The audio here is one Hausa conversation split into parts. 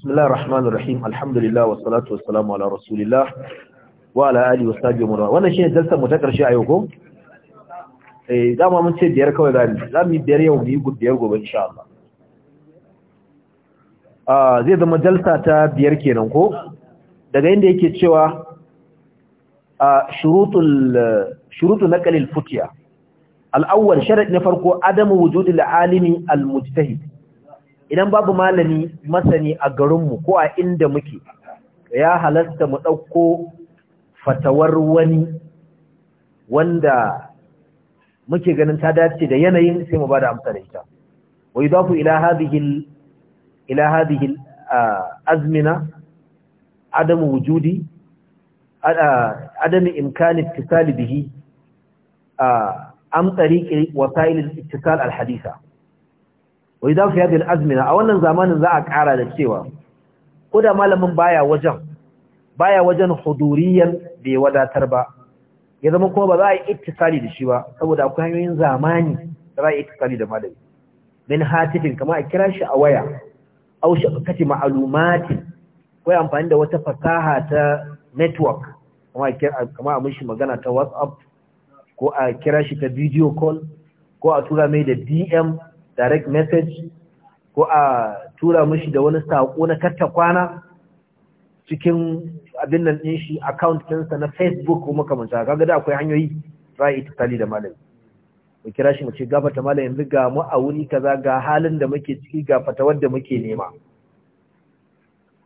بسم الله الرحمن الرحيم الحمد لله والصلاة والسلام على رسول الله وعلى آله وصحبه ومن a yau ko eh, ah, zai zama jalsa ta biyar kenan ko daga inda yake cewa a ah, shurutul shurutu naqlil futiya al-awwal sharad na farko adamu wujudil alimi al-mujtahid idan babu malami masani a garinmu ko a inda muke ya halasta mu ɗauko fatawar wani wanda muke ganin ta dace da yanayin sai mu ba da amsa da ita wa yudafu ila hadhihi azmina adamu wujudi adamu imkani ittisal bihi am tariqi wasail al al wai za da azmina a wannan zamanin za a ƙara da cewa ko da malamin baya wajen baya wajen huduriyan bai wadatar ba ya zama kuma ba za a yi ittisali da shi ba saboda akwai hanyoyin zamani za a yi ittisali da malami min hatifin kama a kira shi a waya au shakati ma'alumatin ko amfani da wata fasaha ta network kama a mishi magana ta whatsapp ko a kira shi ta video call ko a tura mai da dm direct message ko a tura mishi da wani sako na katta kwana cikin abin nan din shi account ɗinsa na Facebook ko makamanta kaga da akwai hanyoyi za ita tali da malami mu kira shi mu ce gafata malami yanzu ga mu a wuri kaza ga halin da muke ciki ga fatawar da muke nema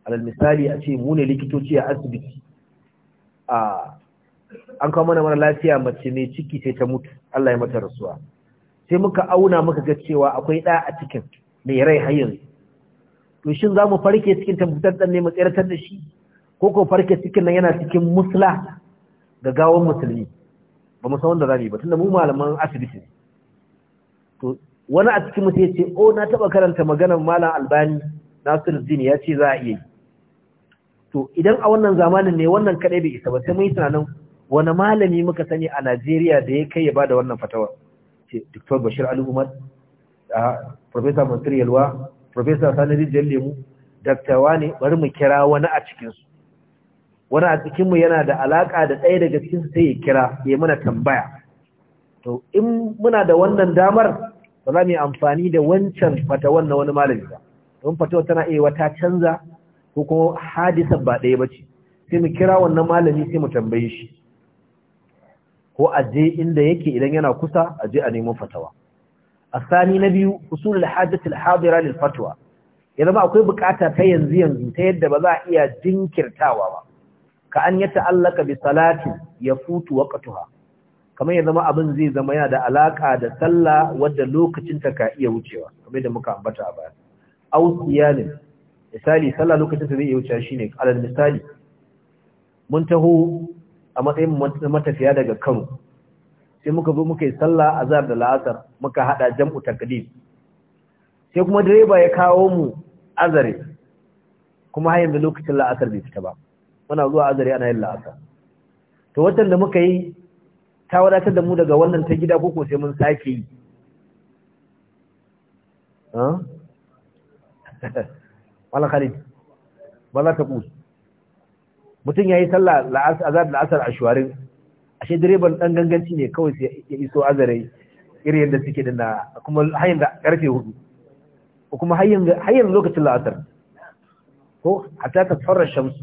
alal misali a ce mu ne likitoci a asibiti a an kawo mana mara lafiya mace mai ciki sai ta mutu Allah ya mata rasuwa sai muka auna muka ga cewa akwai ɗa a cikin mai rai har yanzu to shin za mu farke cikin tabbatar ɗan ne mu tsirtar da shi ko ko farke cikin nan yana cikin musla ga gawon musulmi ba mu san wanda za mu yi ba tunda mu malaman asibiti ne to wani a cikin mutum ce o oh, na taɓa karanta maganar malam albani nasiruddin ya ce za a iya yi to idan a wannan zamanin ne wannan kaɗai bai isa ba sai mun yi tunanin wani malami muka sani a najeriya da ya kai ya ba da wannan fatawar Dr. Bashir Ali Umar, Professor Mansur Yalwa, Professor Sani Rijiyar Lemu, Dr. Wani bari mu kira wani a cikinsu. Wani a cikinmu yana da alaka da ɗaya daga cikinsu sai ya kira ya mana tambaya. To, in muna da wannan damar, ba za mu yi amfani da wancan fatawan na wani malami ba. Don fatawa tana iya wata canza ko kuma hadisan ba ɗaya ba ce. Sai mu kira wannan malami sai mu tambaye shi. ko a je inda yake idan yana kusa a je a nemo fatawa A sani na biyu usulul hajjatul hadira lil fatwa ya zama akwai bukata ta yanzu yanzu ta yadda ba za a iya jinkirtawa ba ka an ya ta'allaka bi salati ya futu waqtuha kamar ya zama abin zai zama yana da alaka da sallah wadda lokacin ta ka iya wucewa kamar da muka ambata a baya aw siyanin misali sallah lokacin ta zai iya wucewa shine alal misali mun taho a matsayin matafiya daga Kano sai muka zo muka yi sallah azhar da la'asar muka hada jam'u takdim sai kuma direba ya kawo mu azare kuma har yanzu lokacin la'asar bai fita ba muna zuwa azare ana yin la'asar to watan da muka yi ta wadatar da mu daga wannan ta gida ko sai mun sake yi wala khalid wala mutum ya yi sallah azar da asar ashwarin ashe direban dan ganganci ne kawai sai ya iso azare irin yadda suke din na kuma hayin da karfe hudu ko kuma hayin hayin lokacin la'asar ko hatta ta tsara shamsu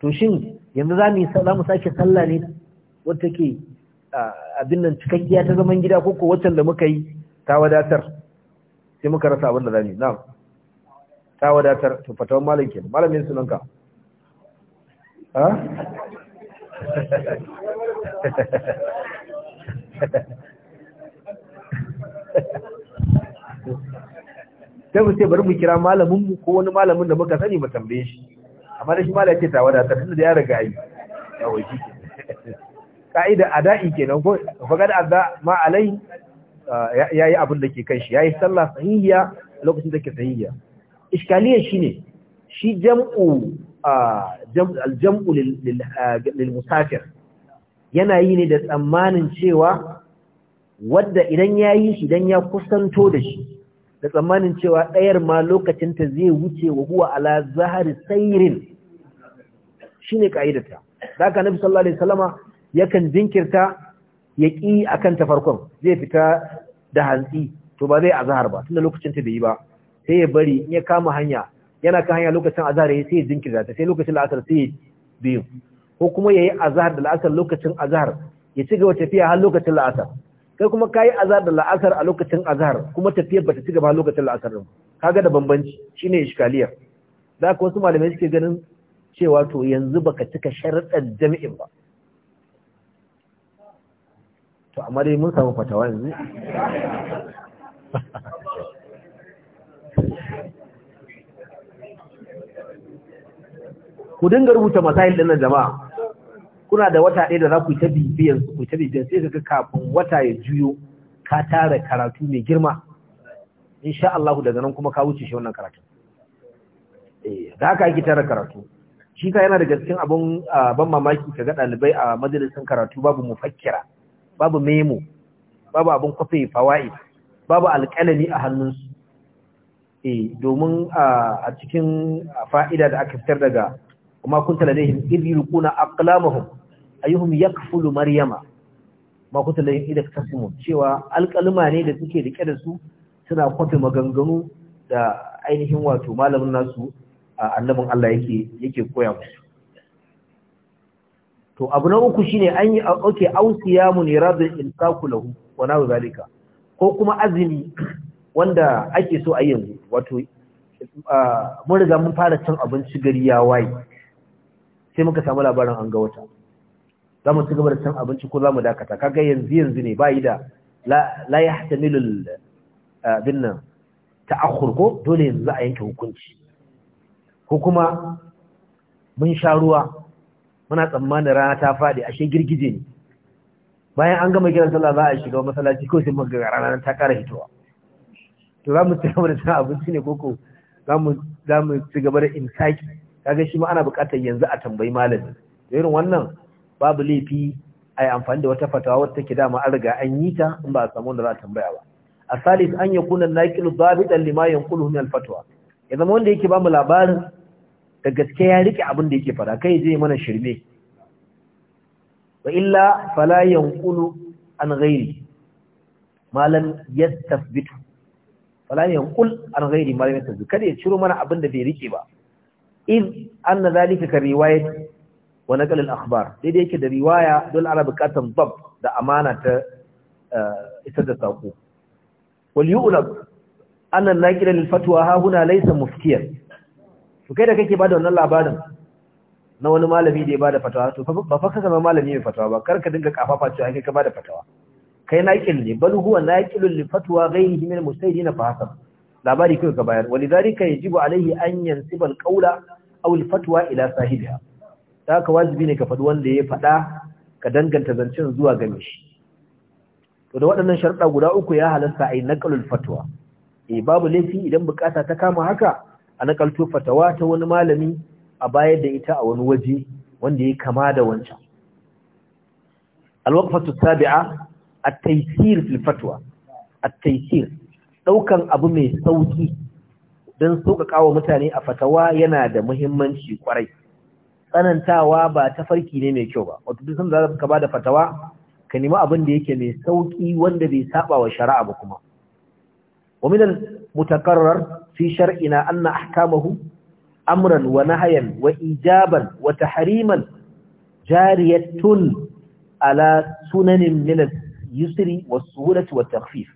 to shin yanzu za mu mu sake sallah ne wata ke abin nan cikakkiya ta zaman gida ko ko watan da muka yi ta wadatar sai muka rasa abin da za mu yi na'am ta wadatar to fatawan malam kenan malamin sunanka sai mu ce bari mu kira malaminmu ko wani malamin da muka sani mu tambaye shi amma da shi malaya ce ta wadata tunda da ya riga yi ya waje ke ka'ida ada'i kenan ko da azza ma alai ah, yi abin da ke kan shi Ya yi sallah sahihiya lokacin da ke sahihiya iskaliya shine shi jam'u aljam'u lil musafir yana yi ne da tsammanin cewa wadda idan ya yi shi idan ya kusanto da shi da tsammanin cewa ɗayar ma lokacinta zai wuce wa huwa ala zahari sairin shi ne ƙa'idarta da aka nabi sallallahu alaihi salama yakan jinkirta ya ƙi a kan ta farkon zai fita da hantsi to ba zai a zahar ba tunda lokacinta bai yi ba sai ya bari in ya kama hanya yana kan hanya lokacin azhar yayi sai ya jinkirta ta sai lokacin la'asar sai biyu ko kuma yayi azhar da la'asar lokacin azhar ya ci gaba tafiya har lokacin la'asar kai kuma kai azhar da la'asar a lokacin azhar kuma tafiyar bata ci gaba lokacin la'asar din kaga da bambanci shine iskaliya da ka wasu malamai suke ganin cewa to yanzu baka cika sharadan jami'in ba to amma dai mun samu fatawa yanzu ku dinga rubuta masahil ɗin nan jama'a kuna da wata ɗaya da za ku yi ta bibiyan su ku ta bibiyan sai ka kafin wata ya juyo ka tara karatu mai girma insha Allah daga nan kuma ka wuce shi wannan karatu eh da haka ake tara karatu shi ka yana daga cikin abun ban mamaki ka ga ɗalibai a majalisin karatu babu mufakkira babu memo babu abun kwafe fawaid babu alƙalami a hannunsu eh domin a cikin fa'ida da aka fitar daga kuma kunta ladaihim idh yulquna aqlamahum ayyuhum yakfulu maryama ma kunta ladaihim idh tasimun cewa alƙalma ne da suke rike da su suna kwafe maganganu da ainihin wato malamin nasu annabin Allah yake koya musu to abu na uku shine an yi okay ausiyamun iradul insaku lahu wa nahu zalika ko kuma azumi wanda ake so a yanzu mun riga mun fara cin abinci gari ya waye sai muka samu labarin an ga wata za mu ci gaba da san abinci ko za mu dakata kaga yanzu yanzu ne ba yi da la ya hatamilul abin nan ta'akhur ko dole yanzu za a yanke hukunci ko kuma mun sha ruwa muna tsammanin rana ta faɗi ashe girgije ne bayan an gama kiran sallah za a shiga masallaci ko sai muka rana ta ƙara hitowa to za mu ci gaba da san abinci ne koko za mu ci gaba da insaki kaga shi ma ana buƙatar yanzu a tambayi malami irin wannan babu laifi a yi amfani da wata fatawa wata take dama an riga an yi ta in ba a samu wanda za a tambaya ba a salis an yakuna naqilu dabitan lima yanqulu min al ya zama wanda yake ba mu labarin da gaske ya rike abin da yake fara kai zai mana shirme wa illa fala yanqulu an ghairi malam yastasbitu fala yanqul an ghairi malam yastasbitu kada ya ciro mana abin da bai rike ba iz anna zalika ka riwayat wa naqal akhbar dai yake da riwaya dole ana bukatan dab da amana ta isar da sako wal yu'lab anna naqila lil fatwa ha huna laysa muftiyan to kai da kake bada wannan labarin na wani malami da ya bada fatawa to ba fa ka zama malami mai fatawa ba kar ka dinga kafafa cewa kai ka bada fatawa kai naqil ne bal huwa naqilun li fatwa ghayrihi fa hasab labari kai ka bayar ya yajibu alaihi an yansiba alqawla aw alfatwa ila sahibiha da ka wajibi ne ka faɗi wanda ya faɗa ka danganta zancen zuwa game shi to da waɗannan sharuɗa guda uku ya halasta ai naqalul fatwa eh babu laifi idan bukata ta kama haka a nakalto fatawa ta wani malami a bayar da ita a wani waje wanda ya kama da wancan alwaqfatu sabi'a at-taysir fil fatwa at-taysir ɗaukan abu mai sauƙi don sauƙaƙa wa mutane a fatawa yana da muhimmanci kwarai tsanantawa ba ta farki ne mai kyau ba wato duk sanda ka ba da fatawa ka nemi abin da yake mai sauƙi wanda bai saba wa shari'a ba kuma wa min mutakarrar fi shar'ina anna ahkamahu amran wa nahayan wa ijaban wa tahriman jariyatun ala sunanin min al yusri wa suhulati wa takhfif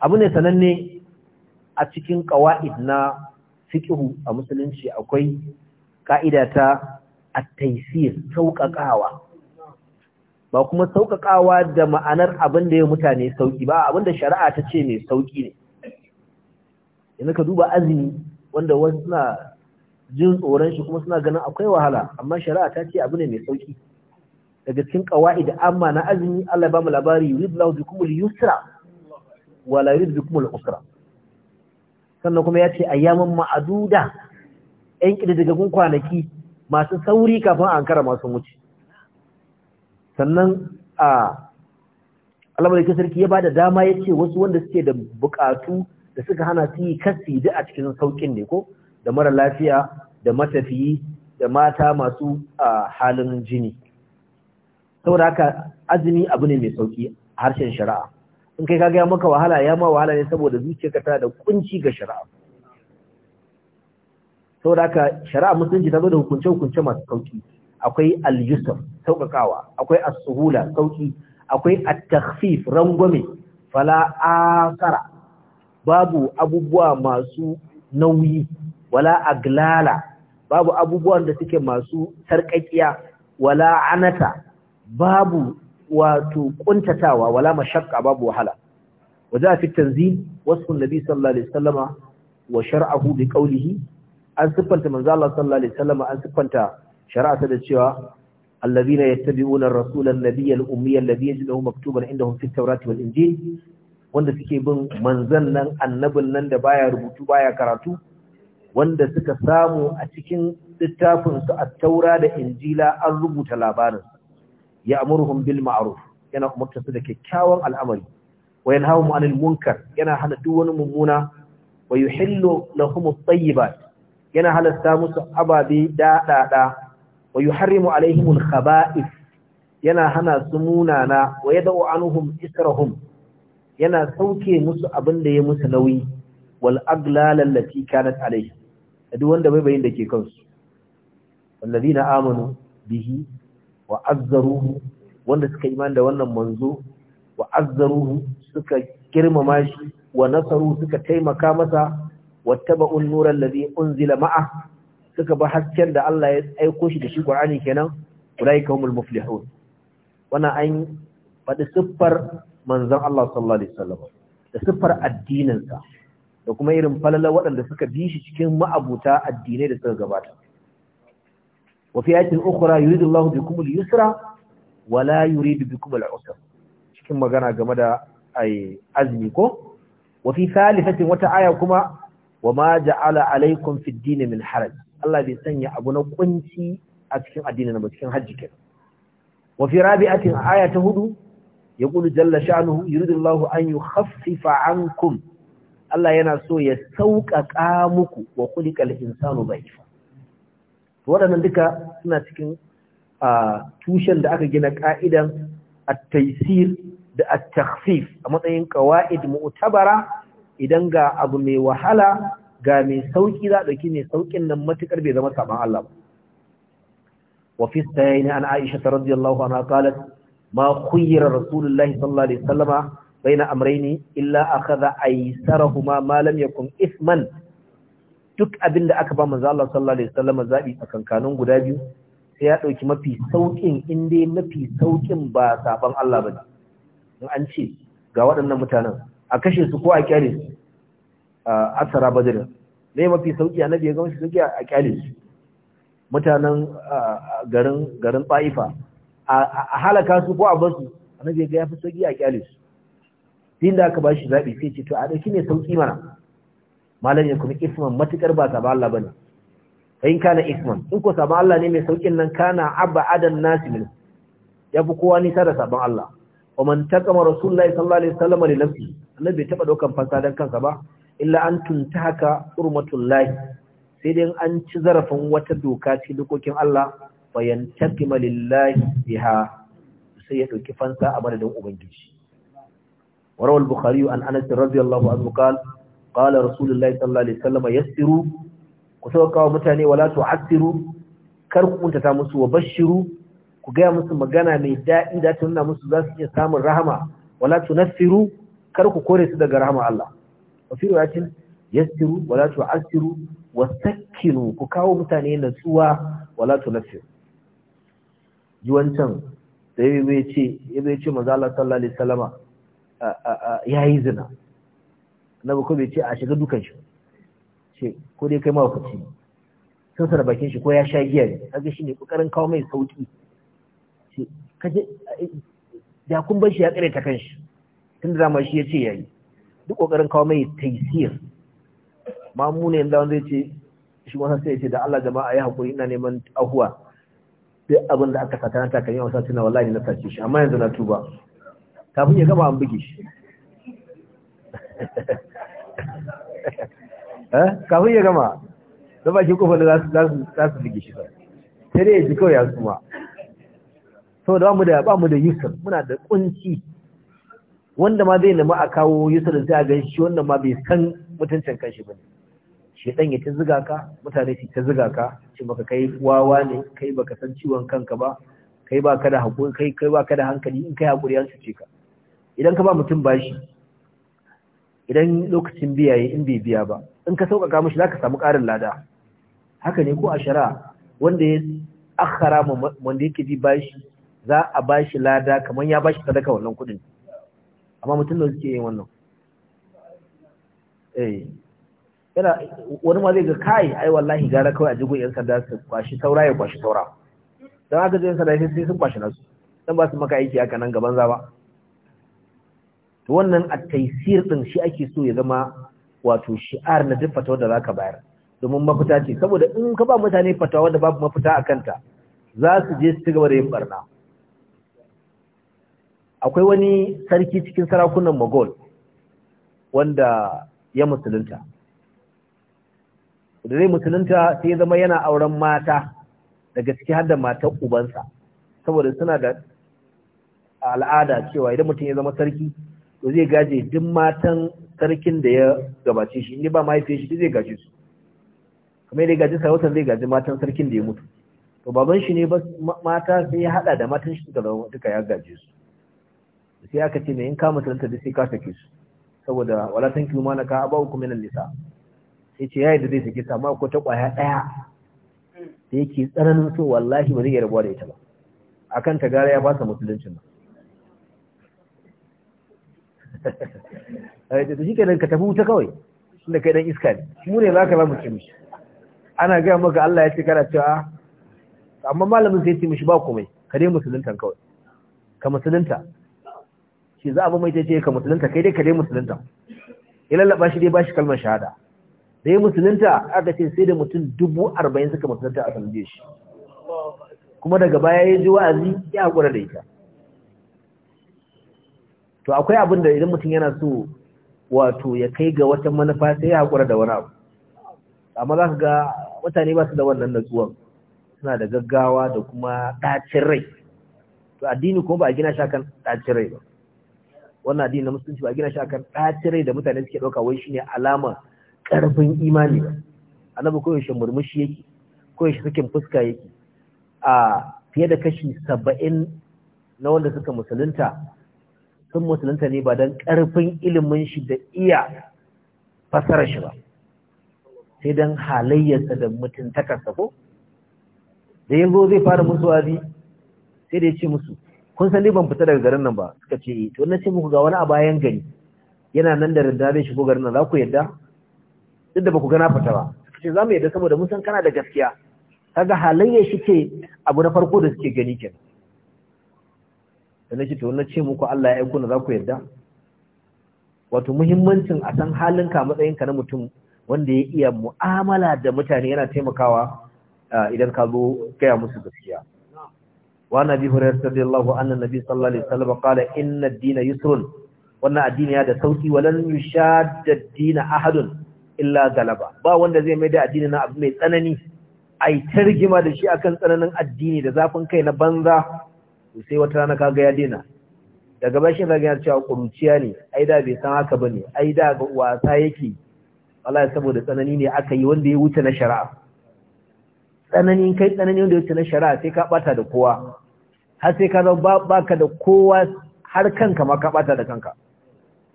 abu ne sananne a cikin ƙawa'id na fiƙihu a musulunci akwai ƙa'ida ta at-taysir sauƙaƙawa ba kuma sauƙaƙawa da ma'anar abin da ya mutane sauƙi ba abin da shari'a ta ce mai sauƙi ne yana ka duba azumi wanda wasu suna jin tsoron shi kuma suna ganin akwai wahala amma shari'a ta ce abu ne mai sauƙi daga cikin ƙawa'id amma na azumi Allah ba mu labari yuridullahu bikumul yusra wala yuzbikum al-usra sannan kuma yace ayyaman ma'aduda ɗan gun kwanaki masu sauri kafin an kara masu wuce sannan a alamarikin sarki ya ba da dama ya ce wasu wanda suke da bukatu da suka hana su yi kasi da a cikin saukin ne ko da mara lafiya da matafiyi da mata masu halin jini saboda haka azumi abu ne mai sauki harshen shari'a in kai kaga ya maka wahala ya ma wahala ne saboda zuciyarka tana da kunci ga shari'a saboda haka shari'a musulunci ta zo da hukunce hukunce masu sauki akwai al-yusr Saukakawa, akwai as-suhula sauki akwai at-takhfif rangwame fala asara babu abubuwa masu nauyi wala aglala babu abubuwan da suke masu sarƙaƙiya wala anata babu wato kuntatawa wala mashaqqa babu wahala waza fi tanzil wasfu nabi sallallahu alaihi wasallama wa shar'ahu bi qawlihi an siffanta manzo Allah sallallahu alaihi wasallama an siffanta shari'a da cewa الذين يتبعون الرسول النبي الأمي الذي يجده مكتوبا عندهم في التوراة والإنجيل wanda suke bin manzan nan annabin nan da baya rubutu baya karatu wanda suka samu a cikin littafin su at-taura da injila an rubuta labarin ya'muruhum bil ma'ruf yana umarta su da kyakkyawan al'amari wa yanhahum 'anil munkar yana hana duk wani mummuna wa yuhillu lahum at-tayyibat yana halasta musu ababe daɗaɗa wa yuharrimu alaihim al-khaba'ith yana hana su munana wa yad'u anhum israhum yana sauke musu abin da ya musu nauyi wal aglal allati kanat alaihim duk wanda bai bayin da ke kansu wallazina amanu bihi wa azzaruhu wanda suka iman da wannan manzo wa azzaruhu suka girmama shi wa nasaru suka taimaka masa wattaba'u an-nura alladhi unzila ma'a suka ba hasken da Allah ya aiko shi da shi Qur'ani kenan ulaika humul muflihun wannan an faɗi siffar manzon Allah sallallahu alaihi wasallam da siffar addininsa da kuma irin falala waɗanda suka bi shi cikin ma'abuta addinai da suka gabata wa fi ayatin ukhra yuridu Allahu bikum al-yusra wala la yuridu bikum al cikin magana game da azumi ko wa fi thalithatin wata aya kuma wa ma ja'ala alaykum fi ad min haraj Allah bai sanya abu na kunci a cikin addini na cikin hajji kenan wa fi rabi'atin aya ta hudu yaqulu jalla sha'nuhu yuridu Allahu an yukhaffifa ankum Allah yana so ya sauƙaƙa muku wa kulikal insanu dhaifa waɗannan duka suna cikin tushen da aka gina ka'idan at-taysir da at-takhfif a matsayin qawaid mu'tabara idan ga abu mai wahala ga mai sauki za dauki mai saukin nan matukar bai zama saban Allah ba wa fi sayyid an Aisha radhiyallahu anha qalat ma khayyara rasulullahi sallallahu alaihi wasallama baina amrayni illa akhadha aysarahuma ma lam yakun isman duk abin da aka ba manzo Allah sallallahu alaihi wasallam zabi tsakankanin guda biyu sai ya dauki mafi saukin inda ya mafi saukin ba saban Allah bane in an ce ga waɗannan mutanen a kashe su ko a kyale su a asara badr ne mafi sauki annabi ya ga shi sauki a kyale su mutanen garin garin Taifa a halaka su ko a basu annabi ya ga yafi sauki a kyale su din da aka ba shi zabi sai ce to a dauki ne sauki mana malam ya kuma isman matukar ba saba Allah bane fa in kana isman in ko sabon Allah ne mai saukin nan kana abba adan nasi min yafi kowa ni da sabon Allah wa man taqama rasulullahi sallallahu alaihi wasallam li nafsi annabi bai taba ɗaukan fansa dan kansa ba illa an tuntaka hurmatullahi sai dai an ci zarafin wata doka ce dokokin Allah bayan takima lillahi biha sai ya dauki fansa a madadin ubangiji وروى Bukhari an أنس رضي الله عنه qala rasulullahi sallallahu alaihi wasallam yassiru ku sauka wa mutane wala tu'assiru kar ku kuntata musu wa bashiru ku gaya musu magana mai daɗi da ta nuna musu za su iya samun rahama wala tunaffiru kar ku kore su daga rahama Allah wa fi riwayatin yassiru wala tu'assiru wa sakkinu ku kawo mutane natsuwa wala tunaffiru ji wancan da ya ce ya ce Allah sallallahu alaihi wasallama yayi zina na ko bai ce a shiga dukan shi ce ko dai kai ma ku ci sun sa bakin shi ko ya sha giya ne kaga shine kokarin kawo mai sauki ce kaje da kun bar shi ya tsare ta kanshi da zama shi yace yayi duk kokarin kawo mai taisir ma mu ne yanzu wanda yace shi wannan sai yace da Allah jama'a ya hakuri ina neman ahuwa duk abin da aka sata na takalmi a wasu tuna wallahi na sace shi amma yanzu na tuba kafin ya gama an buge shi Eh? kafin ya gama da bakin kofar da za su buge shi ba sai dai ya ji kawai ya suma sau da da ba mu da yusuf muna da kunci wanda ma zai nemi a kawo yusuf sai a gan shi wanda ma bai san mutuncin kanshi ba ne shedan ya ta ziga ka mutane su ta ziga ka ce maka kai wawa ne kai baka san ciwon kanka ba kai ba da hakuri kai ba ka da hankali in kai hakuri an ce ka idan ka ba mutum bashi idan lokacin biyaye in bai biya ba in ka sauƙaƙa mashi za ka samu ƙarin lada haka ne ko a shari'a wanda ya akhara wanda yake ji bashi za a bashi lada kamar ya bashi sadaka wannan kuɗin amma mutum da suke yin wannan eh yana wani ma zai ga kai ai wallahi gara kawai a jigo yan sanda su kwashi saura ya kwashi saura Don haka zai sanda sai sun kwashi nasu don ba su maka aiki haka nan gaban za ba to wannan a taisir din shi ake so ya zama wato shi'ar na duk fatawar da zaka bayar domin mafita ce saboda in ka ba mutane fatawa da babu mafita a kanta za su je su ci gaba da yin barna akwai wani sarki cikin sarakunan mogol wanda ya musulunta da zai musulunta sai ya zama yana auren mata daga ciki har da matan ubansa saboda suna da al'ada cewa idan mutum ya zama sarki to zai gaje duk matan sarkin da ya gabace shi inda ba mahaifiyar shi zai gaji su kamar da gaji sarautar zai gaji matan sarkin da ya mutu to baban shi ne mata sai ya hada da matan shi duka ya gaji su sai aka ce mai in ka mutunta da sai ka sake su saboda wala san ki mana ka abawu kuma nan lisa, sai ce yayi da zai sake sa amma ko ta kwaya daya da yake tsananin so wallahi ba zai iya rabuwa da ita ba akan ta gara ya ba ta musuluncin ba. da eh, shi kenan ka tafi wuta kawai tunda kai dan iska ne mu ne zaka ba mu ci mishi ana ga maka Allah ya ce kana cewa amma malamin sai ya ce mishi ba komai ka dai musuluntan kawai ka musulunta shi za a ba mai ta ce ka musulunta kai dai ka dai musulunta ya lallaba shi dai ba shi kalmar shahada da ya musulunta aka ce sai da mutum dubu arba'in suka musulunta a sanuje shi kuma daga baya ya ji wa'azi ya haƙura da ita to akwai abin da idan mutum yana so wato ya kai ga wata manufa sai ya haƙura da wani abu amma za ka ga mutane ba su da wannan natsuwan suna da gaggawa da kuma ɗacin rai to addini kuma ba a gina shi ɗacin rai ba wannan addini na musulunci ba a gina shi ɗacin rai da mutane suke ɗauka wai shine alama ƙarfin imani ba annabi koyaushe murmushi yake koyaushe sakin fuska yake a fiye da kashi saba'in na wanda suka musulunta sun musulunta ne ba don ƙarfin ilimin shi da iya fasarar shi ba sai don halayyarsa da mutuntakarsa ko da yanzu zai fara musu wazi sai da ya ce musu kun san ban fita daga garin nan ba suka ce to na ce muku ga wani a bayan gani, yana nan da rinda zai shigo garin nan za ku yadda duk da ba ku gana fita ba suka ce za mu yadda saboda mun san kana da gaskiya kaga halayyar shi ce abu na farko da suke gani kenan da nake to na ce muku Allah ya aiko na za ku yarda wato muhimmancin a san halinka matsayinka na mutum wanda ya iya mu'amala da mutane yana taimakawa idan ka zo gaya musu gaskiya wa nabi hurairah sallallahu anhu nabi sallallahu alaihi wasallam qala inna ad-dina yusrun wannan addini ya da sauki walan yushadda ad-dina ahadun illa galaba ba wanda zai mai da addini na abu mai tsanani ai targima da shi akan tsananin addini da zafin kai na banza sai wata rana kaga ya daina daga bashin kaga yana cewa kuruciya ne ai da bai san haka bane ai da ga wasa yake wallahi saboda tsanani ne aka yi wanda ya wuce na shari'a tsananin kai tsanani wanda ya wuce na shari'a sai ka bata da kowa har sai ka zama baka da kowa har kanka ma ka bata da kanka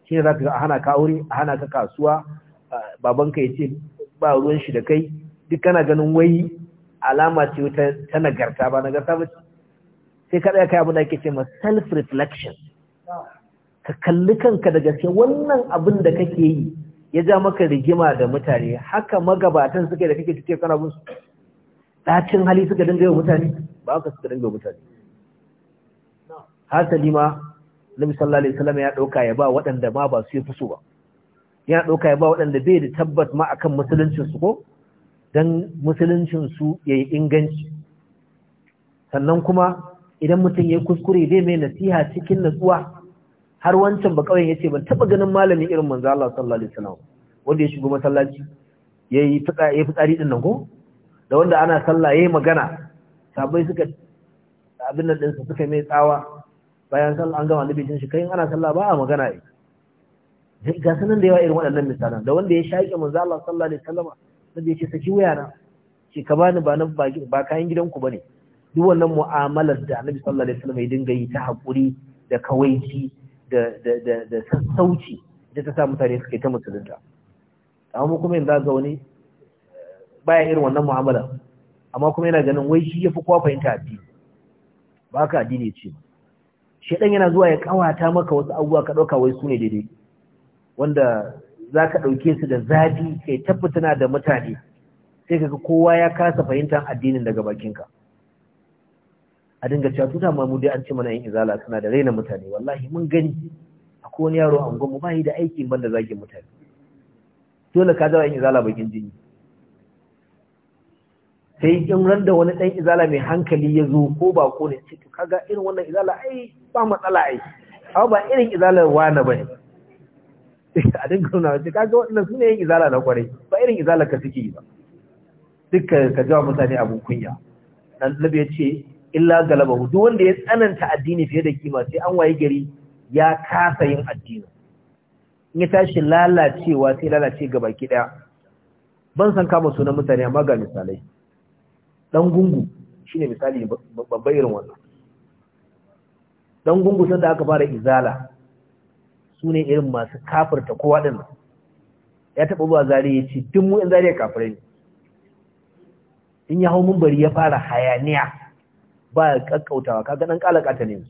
shine zaka ga hana ka aure hana ka kasuwa babanka yace ba ruwan shi da kai duk kana ganin wai alama ce ta nagarta ba nagarta ba sai kaɗa ya kai abin da ake ce ma self reflection ka kalli kanka da gaske wannan abin da kake yi ya ja maka rigima da mutane haka magabatan suke da kake cike kana bin su hali suka dinga yi mutane ba haka suka dinga yi mutane hasali ma nabi sallallahu alaihi wasallam ya ɗauka ya ba waɗanda ma ba su yi fuso ba ya ɗauka ya ba waɗanda bai da tabbas ma akan musuluncin su ko dan musuluncin su yayi inganci sannan kuma idan mutum ya kuskure zai mai nasiha cikin natsuwa har wancan ba kawai ce ban taba ganin malamin irin manzo Allah sallallahu alaihi wasallam wanda ya shigo masallaci yayi fitsa yayi fitsari din nan ko da wanda ana sallah yayi magana sabai suka abin nan din su suka mai tsawa bayan sallah an gama annabi jin shi kai ana sallah ba a magana ai ga sanan da yawa irin waɗannan misalan da wanda ya shaƙe manzo Allah sallallahu alaihi wasallam sai ya ce saki wayana ki ka bani ba nan ba kayan gidanku bane duk wannan mu'amalar da annabi sallallahu alaihi wasallam ya dinga yi ta hakuri da kawaici da da da sassauci da ta sa mutane suke ta musulunta amma kuma yanzu ga wani eh, baya irin wannan mu'amala amma kuma yana ganin wai shi yafi kowa fahimta addini ba ka addini ce shedan yana zuwa ya kawata maka wasu abubuwa ka dauka wai sune daidai wanda za ka ɗauke su da zafi kai tabbatana da mutane sai kaga kowa ya kasa fahimtar addinin daga bakinka a dinga cewa tuta ma mu dai an ce mana yin izala suna da raina mutane wallahi mun gani akwai wani yaro a unguwarmu ba yi da aiki ban da zagin mutane dole ka zama yin izala bakin jini sai in ran da wani ɗan izala mai hankali ya zo ko ba ko ne ce to kaga irin wannan izala ai ba matsala ai amma ba irin izalar wani bane a dinga nuna wace kaga waɗannan su ne yin izala na kwarai ba irin izalar ka suke yi ba dukkan ka jawa mutane abun kunya dan ya ce illa galabahu duk wanda ya tsananta addini fiye da kima sai an waye gari ya kasa yin addini in ya tashi lalacewa sai lalace ga baki daya ban san kama sunan mutane amma ga misalai dan gungu shine misali babban irin wannan dan gungu sanda aka fara izala sune irin masu kafirta kowa din ya taba zuwa zari ya ce duk mu in zari ya kafirai in ya hau mun bari ya fara hayaniya ba ya kakkautawa kaga dan kalakata ne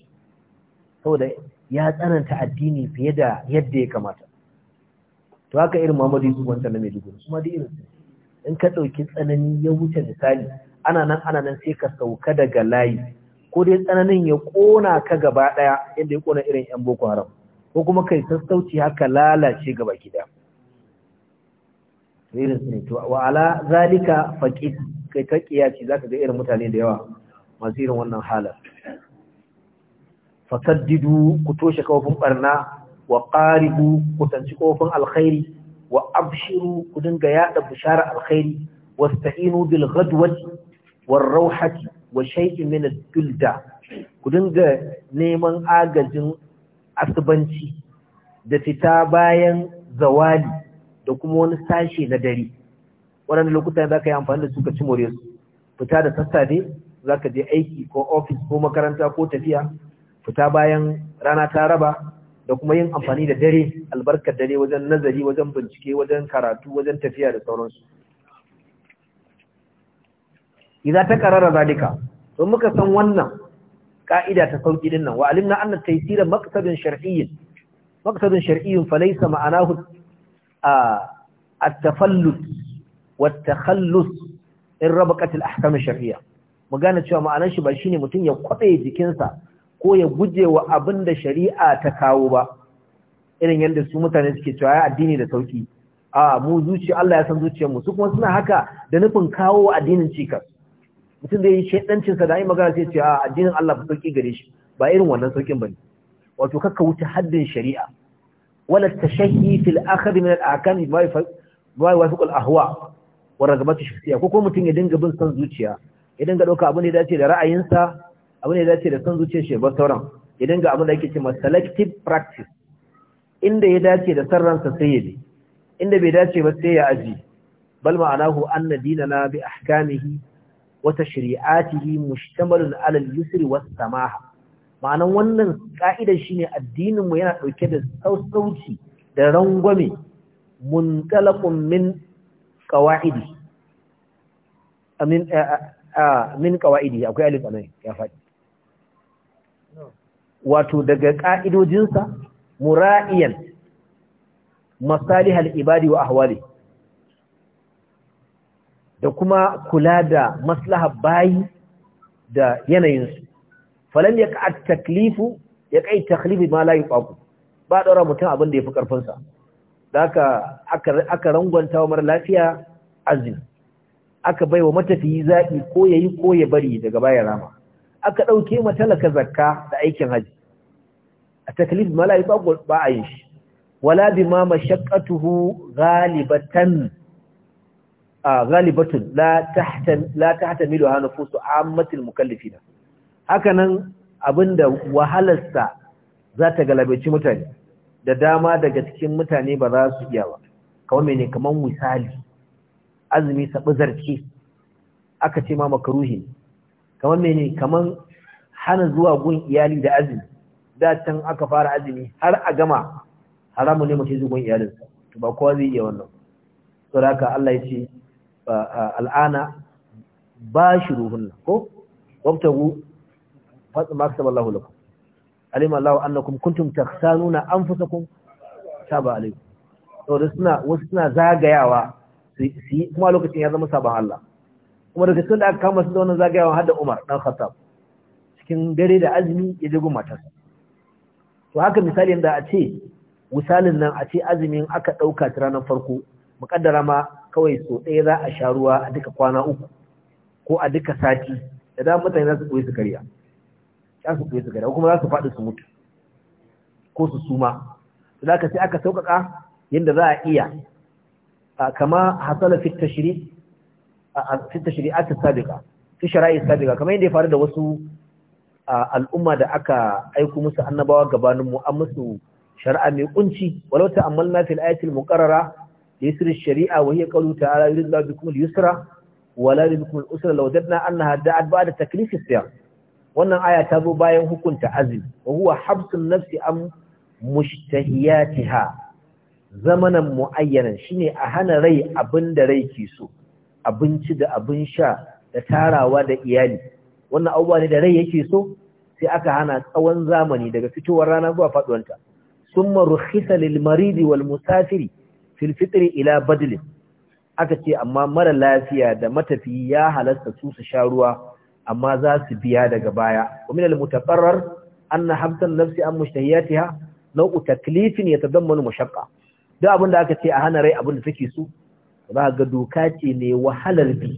saboda ya tsananta addini fiye da yadda ya kamata to haka irin Muhammadu Yusuf wancan na Maiduguri kuma da irin in ka dauki tsanani ya wuce misali ana nan ana nan sai ka sauka daga layi ko dai tsananin ya kona ka gaba daya yadda ya kona irin yan Boko Haram ko kuma kai sassauci haka lalace gaba gida irin su ne to wa ala zalika faqih kai ta kiyaci zaka ga irin mutane da yawa masu wannan halar fasaddidu ku toshe kofin barna wa qaribu ku tanci kofin alkhairi wa abshiru ku dinga yada bishara alkhairi wasta'inu bil war wa shay'in min ku dinga neman agajin asibanci, da fita bayan zawali da kuma wani sashe na dare waɗannan lokutan za ka yi amfani da su ka ci more su fita da sassafe za ka je aiki ko ofis ko makaranta ko tafiya fita bayan rana ta raba da kuma yin amfani da dare albarkar dare wajen nazari wajen bincike wajen karatu wajen tafiya da sauransu idan ta karara zalika to muka san wannan ka'ida ta sauki din nan wa alimna anna taysira maqsadun shar'iyyin maqsadun shar'iyyin falaysa ma'anahu at-tafallut takhallus in rabaqat al-ahkam ash-shar'iyyah mu gane cewa ma'anar shi ba shine mutum ya kwabe jikinsa ko ya guje wa abin da shari'a ta kawo ba irin yadda su mutane suke cewa ya addini da sauki a mu zuci Allah ya san zuciyar mu su kuma suna haka da nufin kawo wa addinin cikas mutum zai yi shaidancin sa da yi magana sai ce a addinin Allah ba sauki gare shi ba irin wannan saukin ne. wato kakka wuce haddin shari'a wala tashayyi fil akhd min al ahkam ma yuwafiq al ahwa wa ragabati shakhsiyya ko ko mutum ya dinga bin san zuciya idan ga ɗauka abin da ya dace da ra'ayinsa abin da ya dace da san zuciyar shi sauran idan ga abin da ake ce ma selective practice inda ya dace da san ransa sai ya bi inda bai dace ba sai ya aji bal ma'anahu anna dinana bi ahkamihi wa tashri'atihi mushtamalun ala al-yusri was samaha ma'anan wannan ka'idar shine addinin mu yana dauke da sassauci da rangwame muntalaqun min qawaidi amin eh, eh, min kawaidi akwai alif anan ya faɗi wato daga ƙa'idojinsa mura'iyan masalihal ibadi wa ahwali da kuma kula da maslaha bayi da yanayinsu falam ya taklifu ya kai taklifi ma la yaqu ba daura mutum abin da ya fi sa da aka aka rangwanta wa mara lafiya azumi aka bai wa matafiyi zaɓi ko ya yi ko ya bari daga baya rama aka ɗauke matalaka zakka da aikin haji a taklif malayi ba a yi. shi wala bi ma mashaqqatuhu ghalibatan ghalibatun la tahtan la tahtamilu ha nufusu ammatil haka nan abinda wahalarsa za ta galabaci mutane da dama daga cikin mutane ba za su iya ba kawai ne kamar misali azumi sabu zarce aka ce ma makaruhi kamar mene kamar hana zuwa gun iyali da azumi da can aka fara azumi har a gama haramu ne mace zugun iyalinsa to ba kowa zai iya wannan haka Allah ya ce al'ana bashiruhunna ko wabtagu fatu maktaballahu lakum alim Allah annakum kuntum takhsanuna anfusakum taba alaykum to suna wasu suna zagayawa su yi kuma lokacin ya zama sabon Allah kuma daga cikin da aka kama su da wannan zagayawa har da Umar ɗan Khattab cikin dare da azumi ya je gun matarsa to haka misali da a ce misalin nan a ce azumin aka ɗauka ta ranar farko mukaddara ma kawai so ɗaya za a sha ruwa a duka kwana uku ko a duka sati da dama mutane za su koyi su karya za su koyi su karya kuma za su faɗi su mutu ko su suma to da sai aka sauƙaƙa yadda za a iya kama hasala fi tashri fi tashri'at sabiqa fi shara'i sabiqa ya faru da wasu al'umma da aka aiko musu annabawa gabanin mu an musu shari'a mai kunci walau ta'ammalna fil ayatil muqarrara yusri shari'a wa hiya qawlu ta'ala yuridu bikum al-yusra wa la yuridu bikum al-usra law dadna annaha da'at ba'da taklif as-siyam wannan aya ta zo bayan hukunta azmi wa huwa habsun nafsi am mushtahiyatiha zamanan mu'ayyanan shine a hana rai abin da rai ke so abinci da abin sha da tarawa da iyali wannan abubuwa ne da rai yake so sai aka hana tsawon zamani daga fitowar rana zuwa faduwanta summa rukhisa lil maridi wal musafiri fil ila badl aka ce amma mara lafiya da matafiyi ya halasta su su sha ruwa amma za su biya daga baya wa min al mutaqarrar anna habsan nafsi an mushtahiyatiha nau'u taklifin yatadammanu mashaqqa duk abin da aka ce a hana rai abin da take so za ga doka ce ne wahalar bi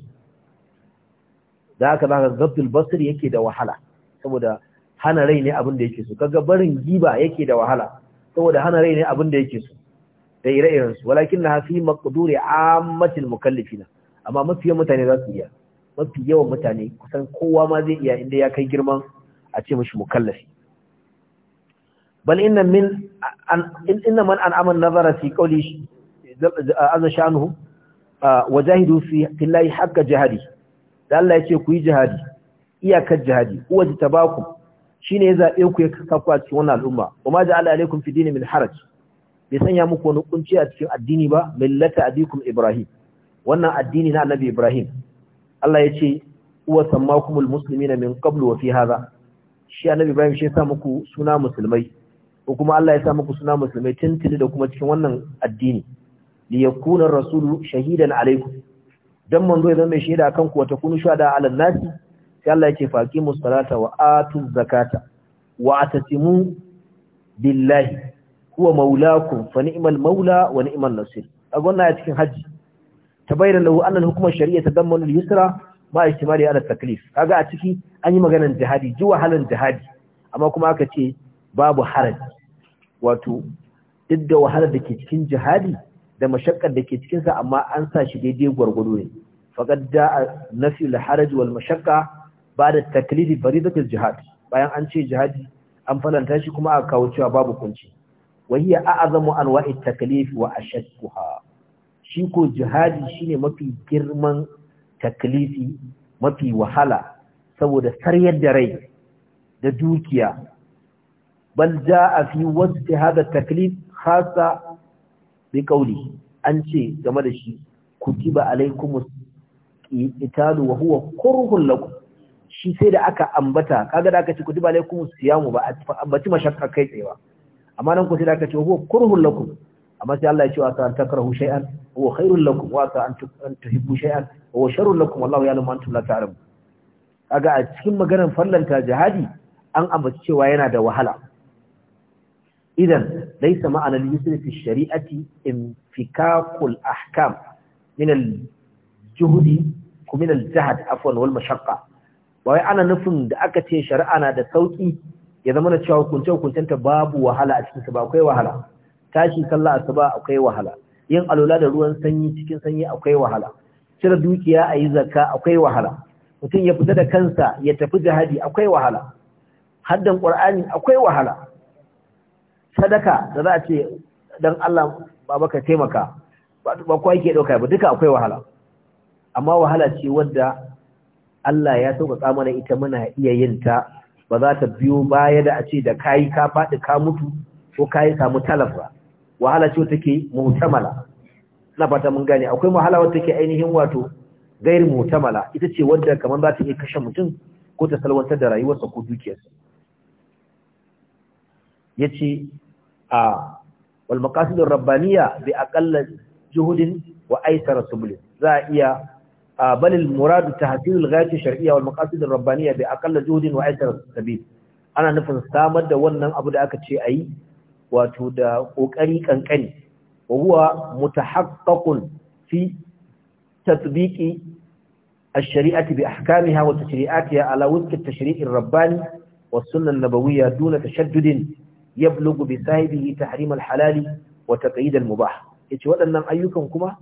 da aka za ka gabdul basir yake da wahala saboda hana rai ne abin da yake so kaga barin giba yake da wahala saboda hana rai ne abin da yake so da ire-iren su walakin na fi maqduri ammatil mukallifina amma mafi yawan mutane za su iya mafi yawan mutane kusan kowa ma zai iya inda ya kai girman a ce mashi mukallafi bal inna min inna man an'ama nazara fi qawli azza shanuhu wajahidu fi fillahi hakka jihadi da Allah yace ku yi jihadi iyakar jihadi uwaji baku, shine ya zabe ku ya kafa cikin wannan al'umma kuma ja'ala alaikum fi dini min haraj bai sanya muku wani kunci a cikin addini ba millata abikum ibrahim wannan addini na annabi ibrahim Allah yace uwa sammakumul muslimina min qablu wa fi hadha shi annabi ibrahim shi ya sa muku suna musulmai ko kuma Allah ya sa muku suna musulmai tuntuni da kuma cikin wannan addini li yakuna rasulu shahidan alaikum dan manzo ya zama mai shaida akan ku wata kunu shada ala nasi sai Allah yake faqimus salata wa atuz zakata wa atasimu billahi huwa maulakum fa ni'mal maula wa ni'mal nasir gwanna ya cikin haji tabayyana lahu anna al shari'a ta shariyya tadammanu al-yusra ma ihtimali ala taklif kaga a ciki an yi maganar jihadi ji wahalar jihadi amma kuma aka ce babu haraji wato duk da wahalar da ke cikin jihadi da mashakkar da ke cikinsa amma an sa shi daidai gwargwado ne faƙad da nafi haraji wal mashakka ba da taklifi faridatul jihad bayan an ce jihadi an falanta shi kuma aka kawo cewa babu kunci wa hiya a'zamu anwa'i taklif wa ashadduha shi ko jihadi shine mafi girman taklifi mafi wahala saboda saryar da rai da dukiya bal jaa fi wasfi hada taklif khassa bi qawli an ce game da shi kutiba alaikumus italu wa huwa kurhun shi sai da aka ambata kaga da aka ce kutiba alaikumus siyamu ba ambaci mashakka kai tsaye ba amma nan ku sai da aka ce huwa kurhun lakum amma sai Allah ya ce wa sa an takrahu shay'an huwa khairul lakum wa sa an tuhibbu shay'an huwa sharrul lakum wallahu ya'lamu antum la ta'lamun kaga a cikin maganar fallanta jihadi an ambaci cewa yana da wahala idan laisa ma'ana al-yusri fi shari'ati infikakul ahkam min al-juhdi ko min al-jahd afwan wal mashaqqa ba ana nufin da aka ce shari'a na da sauƙi? ya zama na cewa hukunce ta babu wahala a cikin ba akwai wahala tashi sallah asuba akwai wahala yin alola da ruwan sanyi cikin sanyi akwai wahala cire dukiya ayi yi akwai wahala mutum ya fita da kansa ya tafi jihadi akwai wahala haddan qur'ani akwai wahala sadaka da za a ce don Allah baba ka taimaka ba kuwa yake ɗauka ba duka akwai wahala amma wahala ce wadda Allah ya sauƙaƙa mana ita muna iya yin ta ba za ta biyo baya da a ce da kayi ka faɗi ka mutu ko kayi samu talaf ba wahala ce take mutamala na fata mun gane akwai wahala wadda take ainihin wato gairi mutamala ita ce wadda kamar za ta iya kashe mutum ko ta salwantar da rayuwarsa ko dukiyarsa ya ce a walmakasidun rabbaniya bi akallar juhudin wa aisa rasubulin za a iya a balil muradu ta hasirin gaci shari'a walmakasidun rabbaniya bi akallar juhudin wa aisa rasubulin ana nufin samar da wannan abu da aka ce a yi wato da ƙoƙari ƙanƙani wa huwa mutahaqqaqun fi tatbiqi ash-shari'ati bi ahkamiha wa tashri'atiha ala wujhi tashri'ir rabbani wa sunnah an-nabawiyya duna tashaddudin yablugu bi sahibihi tahrim al-halali wa taqyid al-mubah yace waɗannan ayyukan kuma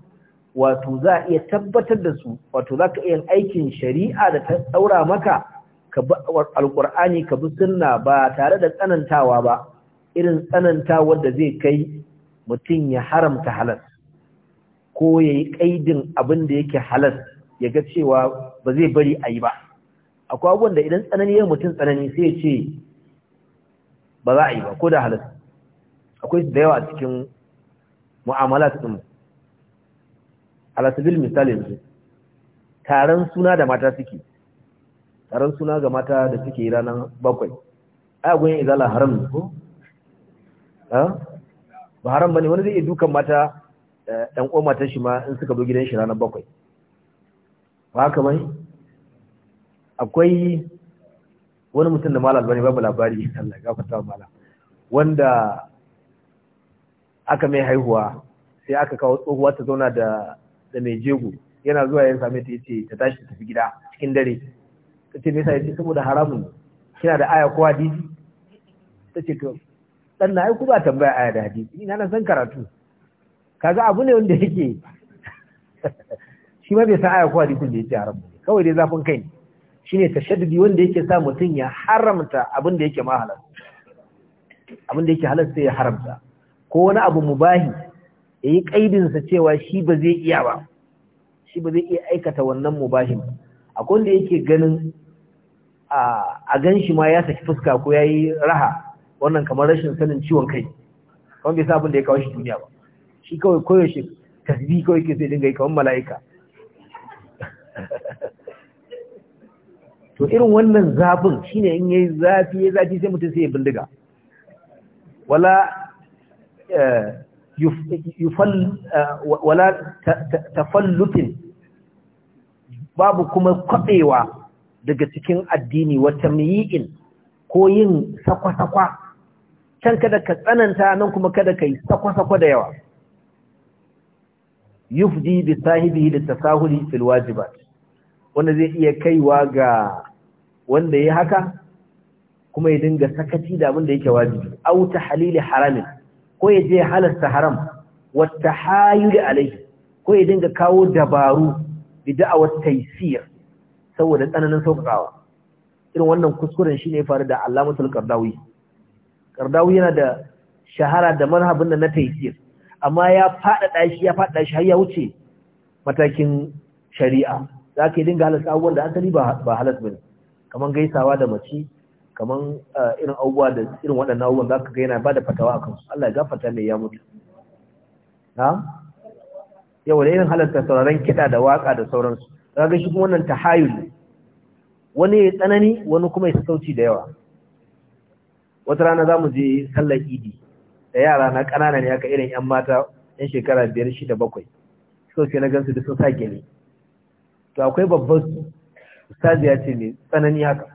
wato za a iya tabbatar da su wato za ka iya aikin shari'a da ta daura maka ka bi alqur'ani ka bi sunna ba tare da tsanantawa ba irin tsanantawa da zai kai mutum ya haramta halal ko yayi kaidin abin da yake halal ya ga cewa ba zai bari a yi ba akwai abubuwan da idan tsanani ya mutum tsanani sai ya ce ba za a yi ba ko da halasta akwai da yawa a cikin mu'amala ta ɗin alasabil misali yanzu taron suna da mata suke taron suna ga mata da suke ranar bakwai ai gwayin izala haram ne ko ba haram ba ne wani zai iya dukan mata eh, ɗan uwan shi ma in suka zo gidan shi ranar bakwai ba haka mai akwai wani mutum da malam bane babu labari Allah ya gafarta wa malam wanda aka mai haihuwa sai aka kawo tsohuwa ta zauna da da mai jego yana zuwa yayin same ta yace ta tashi tafi gida cikin dare tace me yasa yace saboda haramun kina da aya ko hadisi tace to dan na aiku ba tambaya aya da hadisi ina na san karatu kaga abu ne wanda yake shi ma bai san aya ko hadisi da yake haramun kawai dai zafin kai ne shine tashaddudi wanda yake sa mutum ya haramta abin da yake mahalar abin da yake halar sai ya haramta ko wani abu mubahi ya yi ƙaidinsa cewa shi ba zai iya ba shi ba zai iya aikata wannan mubahin akwai wanda yake ganin a gan shi ma ya saki fuska ko ya yi raha wannan kamar rashin sanin ciwon kai kamar bai sa abin da ya kawo shi duniya ba shi kawai koyaushe tasbi kawai ke sai dinga yi kamar mala'ika to irin wannan zafin shine in yayi zafi ya zafi sai mutum sai ya bindiga wala eh, yufal eh, wala tafallutin babu kuma kwabewa daga cikin addini wata miyin ko yin sakwa-sakwa can kada ka tsananta nan kuma kada ka yi sakwa-sakwa da yawa yufdi bi sahibi da tasahuli fil wajibat wanda zai iya kaiwa ga wanda ya haka kuma ya dinga sakaci da abin da yake wajibi au ta halili haramin ko ya je halasta haram wa tahayyul alayhi ko ya dinga kawo dabaru bi da'awat taysir saboda tsananin sauƙaƙawa irin wannan kuskuren shine ya faru da alamatul Qardawi Qardawi yana da shahara da da na taysir amma ya faɗaɗa shi ya faɗaɗa shi har ya wuce matakin shari'a za ka yi dinga halasta abubuwan da asali ba halas bane. Kaman gaisawa da mace kamar eh, irin abubuwa da irin waɗannan abubuwan za ka gaina, ba da fatawa a kansu Allah ya gafarta mai ya mutu ha yau da irin halarta sauraron kiɗa da waƙa da sauransu za ga shi kuma wannan tahayul wani ya tsanani wani kuma ya sauci da yawa wata rana za mu je sallar idi da yara na ƙanana ne haka irin 'yan mata 'yan shekara biyar shida bakwai sauke na gansu da sun sa gele to akwai babban su ustazi ya ce ne tsanani haka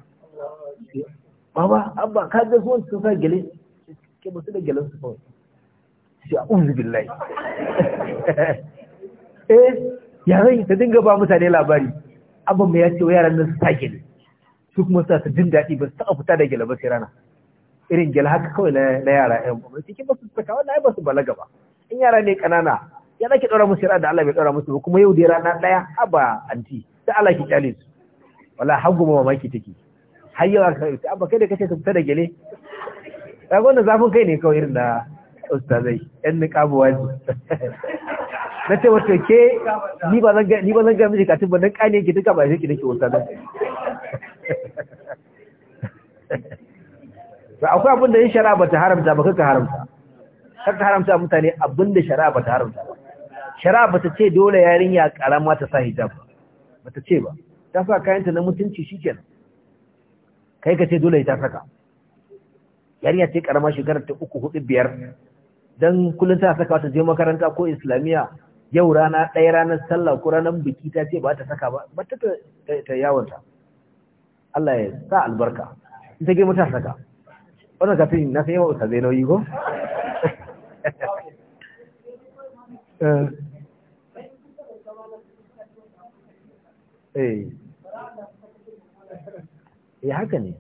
baba abba ka ga zuwan sun sa gele ke ba su da gelen su kawai sai a unzu billahi eh ya zai ta dinga ba mutane labari Abba mai ya ce wa yaran nan su sa gele su kuma sa su jin daɗi ba su taɓa fita da gele ba sai rana irin gele haka kawai na yara ɗaya ba cikin ba su saka wannan ba su balaga ba in yara ne ƙanana ya ke ɗora musu yara da Allah bai ɗora musu ba kuma yau da rana ɗaya Abba! anti da Allah ki kyale su wala har goma mamaki take har yawa ka yi amma kai da kace ka fita da gele ka gwanda zafin kai ne kawai irin da ustazai yan niqabu waji na ce wato ke ni ba zan ga ni ba zan ga miji katin ba dan kane ki duka ba sai ki dake ustazai ba akwai abin da yin shari'a bata haramta ba kanka haramta kanka haramta mutane abin da shari'a bata haramta ba shari'a bata ce dole yarinya karama ta sa hijab bata ce ba ta sa kayanta na mutunci ke kai ka ce dole ta saka yarinya ce karama shekarar ta uku hudu biyar don kullum ta saka ta je makaranta ko islamiyya yau rana ɗaya ranar sallah ko ranar biki ta ce ba ta saka ba ba ta ta yawonta Allah ya sa albarka ita ke mata saka wannan kafin na sai yawa usa zai ko eh, eh. eh haka ne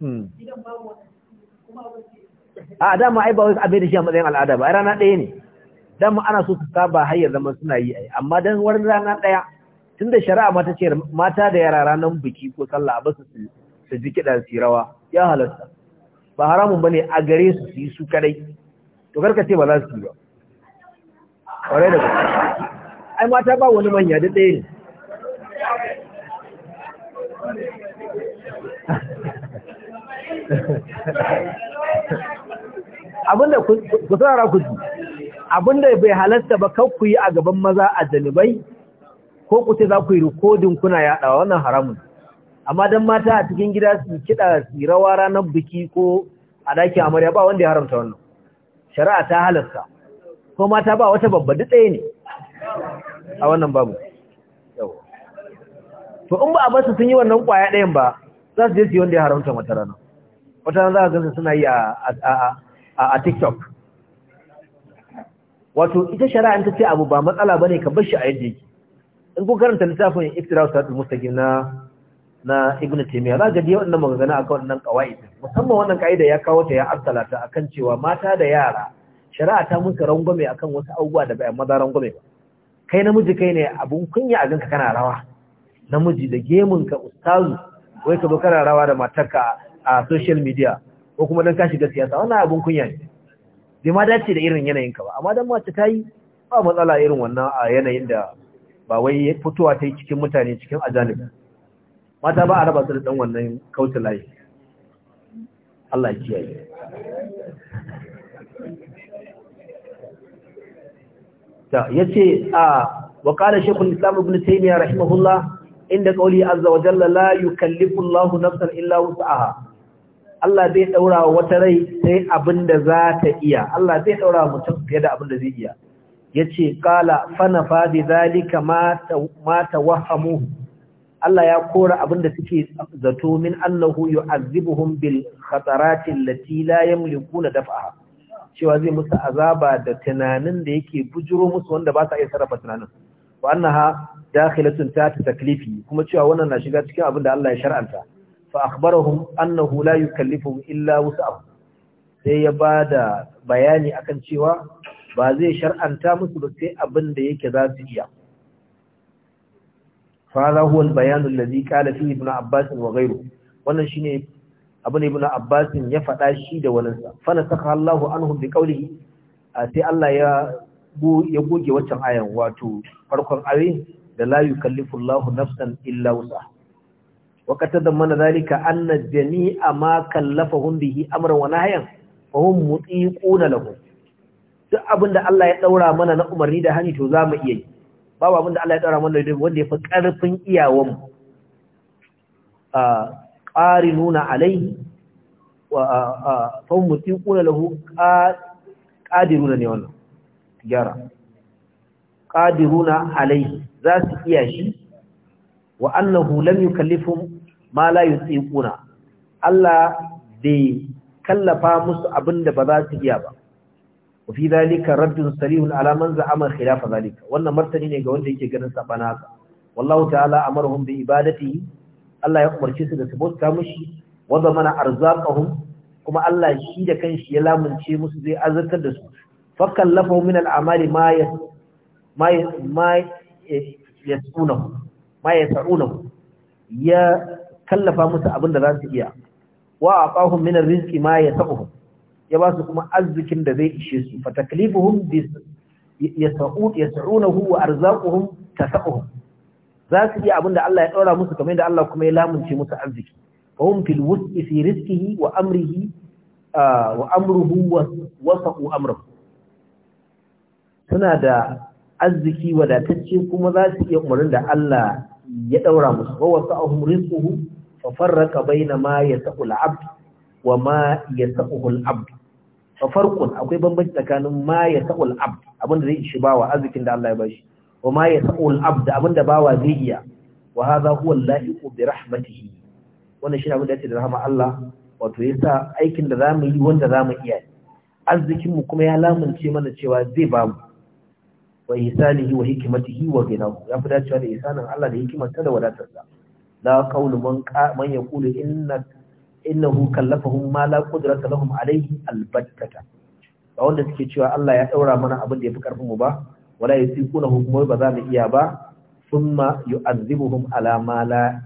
hmm. a dama ai ba wai abin da shi a matsayin al'ada ba rana ɗaya ne dama ana so su saba har ya zama suna yi yi amma don wani rana ɗaya tun da shari'a mata ce mata da yara ranar biki ko sallah a basu su ji kiɗa su rawa ya halatta ba haramun ba ne a gare su su yi su kadai to karka ce ba za su yi ba kwarai da ai mata ba wani manya da ɗaya ne abinda ku tsara ku ji abinda bai halasta ba kan ku yi a gaban maza a janibai ko ku ce za ku yi rikodin kuna yada wannan haramun amma don mata a cikin gida su kiɗa su rawa ranar biki ko a ɗakin amarya ba wanda ya haramta wannan shari'a ta halasta ko mata ba wata babba duk ɗaya ne a wannan babu to in ba a basu sun yi wannan ƙwaya ɗayan ba za su je su yi wanda ya haramta mata rana wata za a gansu suna yi a tiktok wato ita shari'a ta ce abu ba matsala bane ka bar shi a yadda yake in ku karanta littafin iktiraus ta mustaqim na na ibnu taymiya za ga dai wannan magana akan wannan qawaid musamman wannan kaida ya kawo ta ya asalata a akan cewa mata da yara shari'a ta musu rangwame akan wasu abubuwa da bayan maza rangwame ba kai namiji kai ne abun kunya a ganka kana rawa namiji da gemun ka ustazu wai ka zo kana rawa da matarka a social media ko kuma don ka shiga siyasa wannan abin kunya ne bai ma dace da irin yanayin ka ba amma dan mace ta yi ba matsala irin wannan a yanayin da ba wai fitowa ta cikin mutane cikin ajanibi mata ba a raba su da dan wannan kautin layi Allah ya kiyaye ta yace a wa shekul shaykhul islam ibn taymiyyah rahimahullah inda qawli azza wa jalla la yukallifu Allahu nafsan illa wus'aha Allah zai daura wata rai sai abin da za ta iya Allah zai daura mutum fiye da abin da zai iya yace ƙala fana bi zalika mata ma Allah ya kora abin da suke zato min annahu yu'azzibuhum bil Latila, allati la yamlikuna daf'aha cewa zai musu azaba da tunanin da yake bujuro musu wanda ba sa iya sarrafa tunanin ha, annaha dakhilatun ta taklifi kuma cewa wannan na shiga cikin abin da Allah ya shar'anta fa akhbarahum annahu la yukallifuhum illa sai ya ba da bayani akan cewa ba zai shar'anta musu ba sai abinda yake za su iya fa za huwa al-bayan alladhi qala fi ibn abbas wa ghayru wannan shine abin ibn abbas ya faɗa shi da wannan sa fa saka Allahu anhum bi qawlihi sai Allah ya goge waccan ayan wato farkon ayoyin da la yukallifu Allahu nafsan illa wasu. وقد تضمن ذلك أن جميع ما كلفهم به أمرا ونهيا فهم مطيقون له duk abin da Allah ya daura mana na umarni da hannu to za mu iya yi babu abin da Allah ya daura mana wanda ya fi ƙarfin iyawanmu a ƙari nuna alaihi wa a fahim mutum kuna lahu ƙadiruna ne wannan gyara ƙadiruna alaihi za su iya shi wa annahu lam yukallifum ma la yusiquna Allah bai kallafa musu abinda ba za su iya ba wa fi zalika raddun salihun ala man za'ama khilafa zalika wannan martani ne ga wanda yake ganin sabana wallahu ta'ala amarhum bi ibadati Allah ya umarce su da su bauta mushi wa zamana arzaqahum kuma Allah shi da kanshi ya lamunce musu zai azartar da su fa kallafahu min al'amali ma ya ma ma ya ya Tallafa musu abin da za su iya wa a min ar rizki ma ya yasabuhum ya ba su kuma arzikin da zai ishe su fa taklifuhum bi yas'ud yas'unahu wa arzaquhum tasahum za su iya abin da Allah ya daura musu kamar yadda Allah kuma ya lamunce musu arziki fa hum fil wus'i fi rizqihi wa amrihi wa amruhu wasa'u amruhu suna da arziki wadatacce kuma za su iya umarin da Allah ya ɗaura musu wa wasa'uhum rizquhu fa baina ma wa ma fa akwai bambanci tsakanin ma yasaqu al abinda zai shi bawa arzikin da Allah ya bashi wa ma yasaqu abinda bawa zai iya wa hadha huwa al rahmatihi wannan shi ne abinda yake da rahama Allah wato yasa aikin da zamu yi wanda zamu iya arzikin mu kuma ya lamunce mana cewa zai mu. wa ihsanihi wa hikmatihi wa ghinahu ya fi dacewa da ihsanin Allah da hikimarsa da wadatarsa la qawlu man man yaqulu inna innahu kallafahum ma la qudrata lahum alayhi albatta ba wanda suke cewa Allah ya daura mana abin da yafi karfin mu ba wala yasiquna hukumai ba za mu iya ba thumma yu'adhibuhum ala ma la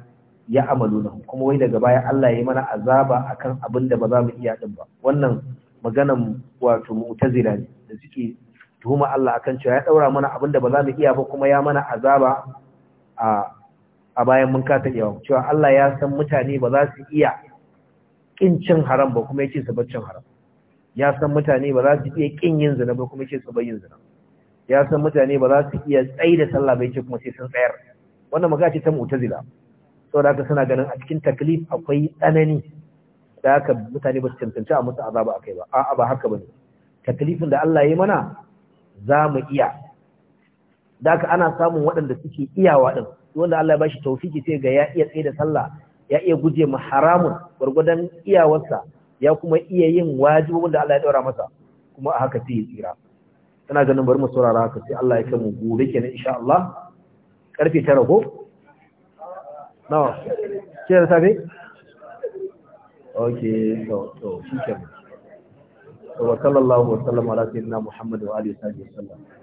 ya'maluna kuma wai daga baya Allah ya yi mana azaba akan abin da ba za mu iya din ba wannan maganan wato mu'tazila ne da suke tuhuma Allah akan cewa ya daura mana abin da ba za mu iya ba kuma ya mana azaba a a bayan mun kasa yawa cewa Allah ya san mutane ba za su iya kin cin haram ba kuma yake su baccin haram ya san mutane ba za su iya kin yin zina ba kuma yake su bayin zina ya san mutane ba za su iya tsayi da sallah ba yake kuma sai sun tsayar wannan magana ce ta mu'tazila saboda haka suna ganin a cikin taklif akwai tsanani da haka mutane ba su cancanci a musu azaba akai ba a'a ba haka bane taklifin da Allah ya mana za mu iya da haka ana samun waɗanda suke iyawa din wanda Allah ya bashi taufiki sai ga ya iya tsaye da sallah ya iya guje ma haramun gwargwadon iyawarsa ya kuma iya yin wajibin da Allah ya daura masa kuma a haka sai ya tsira ina ganin bari mu saurara haka sai Allah ya kai mu gobe kenan insha Allah karfe 9 ko nawa ke da safe okay to to wa sallallahu wa sallama ala sayyidina Muhammad wa alihi wa sallam